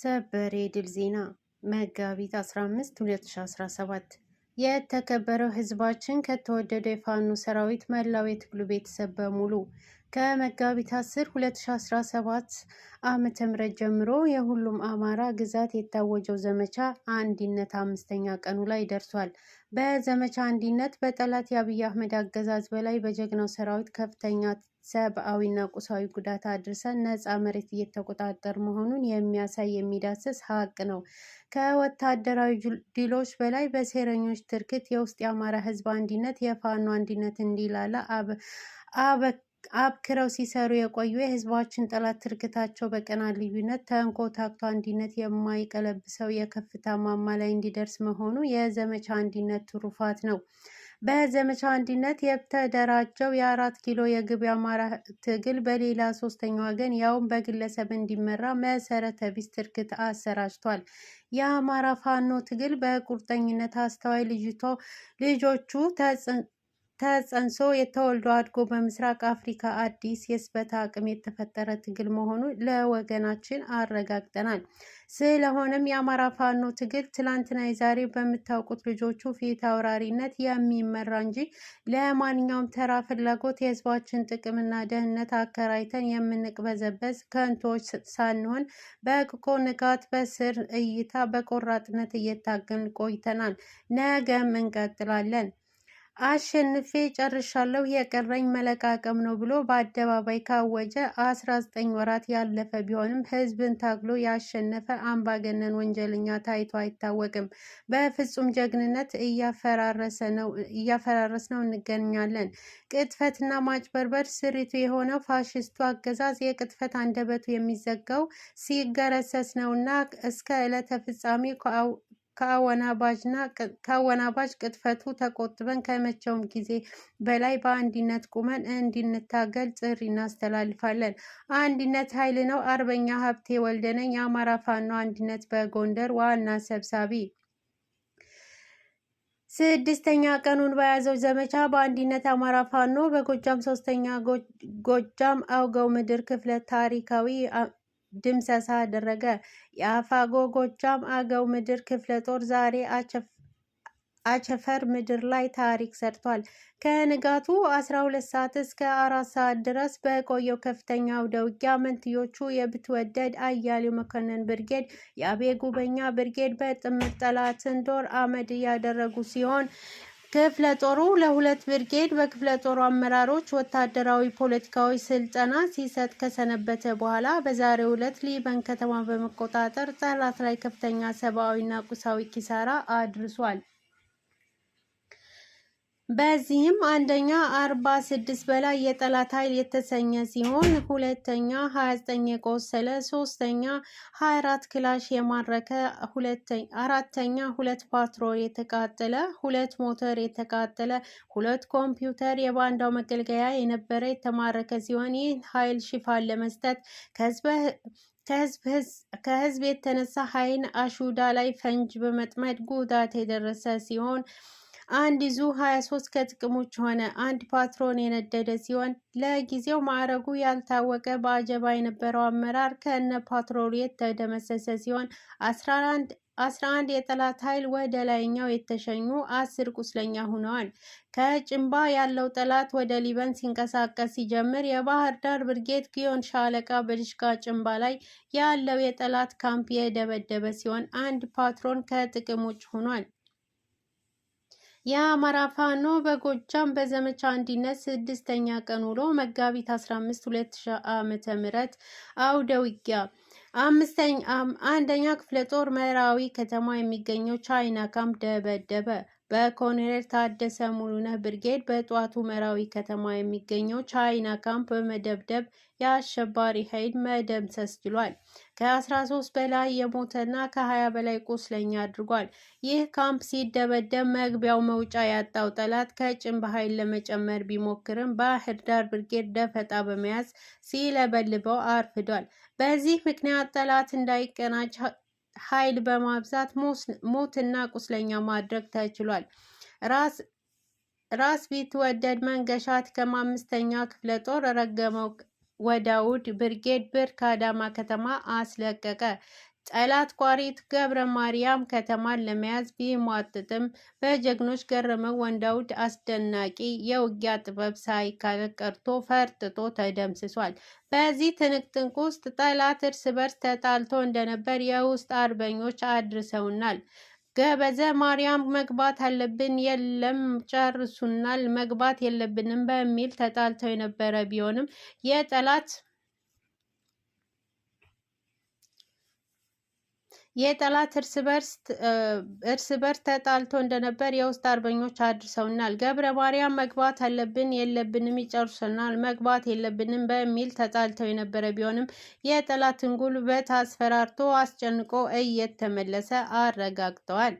ሰበር የድል ዜና መጋቢት 15 2017 የተከበረው ህዝባችን ከተወደደው የፋኖ ሰራዊት መላው የትግሉ ቤተሰብ በሙሉ ከመጋቢት 10 2017 ዓመተ ምህረት ጀምሮ የሁሉም አማራ ግዛት የታወጀው ዘመቻ አንድነት አምስተኛ ቀኑ ላይ ደርሷል። በዘመቻ አንድነት በጠላት የአብይ አህመድ አገዛዝ በላይ በጀግናው ሰራዊት ከፍተኛ ሰብአዊና ቁሳዊ ጉዳት አድርሰን ነፃ መሬት እየተቆጣጠር መሆኑን የሚያሳይ የሚዳስስ ሀቅ ነው። ከወታደራዊ ድሎች በላይ በሴረኞች ትርክት የውስጥ የአማራ ህዝብ አንድነት የፋኖ አንድነት እንዲላላ አብክረው ሲሰሩ የቆዩ የህዝባችን ጠላት ትርክታቸው በቀና ልዩነት ተንኮታክቶ አንድነት የማይቀለብሰው የከፍታ ማማ ላይ እንዲደርስ መሆኑ የዘመቻ አንድነት ትሩፋት ነው። በዘመቻ አንድነት የተደራጀው የአራት ኪሎ የግብ አማራ ትግል በሌላ ሶስተኛ ወገን ያውም በግለሰብ እንዲመራ መሰረተ ቢስ ትርክት አሰራጅቷል። የአማራ ፋኖ ትግል በቁርጠኝነት አስተዋይ ልጆቹ ተጸንሶ የተወልዶ አድጎ በምስራቅ አፍሪካ አዲስ የስበት አቅም የተፈጠረ ትግል መሆኑን ለወገናችን አረጋግጠናል። ስለሆነም የአማራ ፋኖ ትግል ትላንትና የዛሬ በምታውቁት ልጆቹ ፊት አውራሪነት የሚመራ እንጂ ለማንኛውም ተራ ፍላጎት የህዝባችን ጥቅምና ደህንነት አከራይተን የምንቅበዘበዝ ከንቶች ሳንሆን በቅቆ ንጋት በስር እይታ፣ በቆራጥነት እየታገልን ቆይተናል። ነገም እንቀጥላለን። አሸንፌ ጨርሻለሁ የቀረኝ መለቃቀም ነው ብሎ በአደባባይ ካወጀ 19 ወራት ያለፈ ቢሆንም ህዝብን ታግሎ ያሸነፈ አምባገነን ወንጀለኛ ታይቶ አይታወቅም። በፍጹም ጀግንነት እያፈራረስ ነው እንገኛለን። ቅጥፈትና ማጭበርበር ስሪቱ የሆነው ፋሽስቱ አገዛዝ የቅጥፈት አንደበቱ የሚዘጋው ሲገረሰስ ነውና እስከ ዕለተ ፍጻሜ ከአወናባጅ ቅጥፈቱ ተቆጥበን ከመቼውም ጊዜ በላይ በአንድነት ቁመን እንድንታገል ጥሪ እናስተላልፋለን። አንድነት ኃይል ነው። አርበኛ ሀብቴ ወልደነኝ የአማራ ፋኖ አንድነት በጎንደር ዋና ሰብሳቢ። ስድስተኛ ቀኑን በያዘው ዘመቻ በአንድነት አማራ ፋኖ በጎጃም ሶስተኛ ጎጃም አውገው ምድር ክፍለ ታሪካዊ ድምሰሳ አደረገ። የአፋጎጎጃም አገው ምድር ክፍለ ጦር ዛሬ አቸፈር ምድር ላይ ታሪክ ሰርቷል። ከንጋቱ 12 ሰዓት እስከ 4 ሰዓት ድረስ በቆየው ከፍተኛ አውደ ውጊያ መንትዮቹ የብትወደድ አያሌው መኮንን ብርጌድ፣ የአቤ ጉበኛ ብርጌድ በጥምር ጠላትን ዶር አመድ እያደረጉ ሲሆን ክፍለ ጦሩ ለሁለት ብርጌድ በክፍለ ጦሩ አመራሮች ወታደራዊ ፖለቲካዊ ስልጠና ሲሰጥ ከሰነበተ በኋላ በዛሬው ዕለት ሊበን ከተማ በመቆጣጠር ጠላት ላይ ከፍተኛ ሰብአዊና ቁሳዊ ኪሳራ አድርሷል። በዚህም አንደኛ 46 በላይ የጠላት ኃይል የተሰኘ ሲሆን ሁለተኛ 29 የቆሰለ፣ ሶስተኛ 24 ክላሽ የማረከ፣ አራተኛ ሁለት ፓትሮል የተቃጠለ፣ ሁለት ሞተር የተቃጠለ፣ ሁለት ኮምፒውተር የባንዳው መገልገያ የነበረ የተማረከ ሲሆን ይህ ኃይል ሽፋን ለመስጠት ከህዝበ ከህዝብ የተነሳ ኃይል አሹዳ ላይ ፈንጅ በመጥመድ ጉዳት የደረሰ ሲሆን አንድ ዙ 23 ከጥቅሞች ሆነ አንድ ፓትሮን የነደደ ሲሆን ለጊዜው ማዕረጉ ያልታወቀ በአጀባ የነበረው አመራር ከነ ፓትሮሉ የተደመሰሰ ሲሆን 11 11 የጠላት ኃይል ወደ ላይኛው የተሸኙ አስር ቁስለኛ ሆነዋል። ከጭንባ ያለው ጠላት ወደ ሊበን ሲንቀሳቀስ ሲጀምር የባህር ዳር ብርጌድ ጊዮን ሻለቃ በድሽቃ ጭንባ ላይ ያለው የጠላት ካምፕ የደበደበ ሲሆን አንድ ፓትሮን ከጥቅም ውጭ ሆኗል። የአማራ ፋኖ በጎጃም በዘመቻ አንድነት ስድስተኛ ቀን ውሎ መጋቢት 15 2000 ዓመተ አውደ ውጊያ አንደኛ ክፍለ ጦር መራዊ ከተማ የሚገኘው ቻይና ካምፕ ደበደበ። በኮሎኔል ታደሰ ሙሉነህ ብርጌድ በጠዋቱ መራዊ ከተማ የሚገኘው ቻይና ካምፕ በመደብደብ የአሸባሪ ኃይል መደምሰስ ችሏል። ከ13 በላይ የሞተና ከ20 በላይ ቁስለኛ አድርጓል። ይህ ካምፕ ሲደበደብ መግቢያው መውጫ ያጣው ጠላት ከጭን በኃይል ለመጨመር ቢሞክርም ባህር ዳር ብርጌድ ደፈጣ በመያዝ ሲለበልበው አርፍዷል። በዚህ ምክንያት ጠላት እንዳይቀናጭ ። ኃይል በማብዛት ሞትና ቁስለኛ ማድረግ ተችሏል። ራስ ቢትወደድ መንገሻት አምስተኛ ክፍለ ጦር ረገመው ወዳውድ ብርጌድ ብር ከአዳማ ከተማ አስለቀቀ። ጠላት ኳሪት ገብረ ማርያም ከተማን ለመያዝ ቢሟጥጥም በጀግኖች ገረመው ወንዳውድ አስደናቂ የውጊያ ጥበብ ሳይካል ቀርቶ ፈርጥጦ ተደምስሷል። በዚህ ትንቅንቅ ውስጥ ጠላት እርስ በርስ ተጣልቶ እንደነበር የውስጥ አርበኞች አድርሰውናል። ገበዘ ማርያም መግባት አለብን፣ የለም ጨርሱናል፣ መግባት የለብንም በሚል ተጣልተው የነበረ ቢሆንም የጠላት የጠላት እርስ በርስ ተጣልቶ እንደነበር የውስጥ አርበኞች አድርሰውናል። ገብረ ማርያም መግባት አለብን የለብንም ይጨርሰናል፣ መግባት የለብንም በሚል ተጣልተው የነበረ ቢሆንም የጠላትን ጉልበት አስፈራርቶ አስጨንቆ እየተመለሰ አረጋግጠዋል።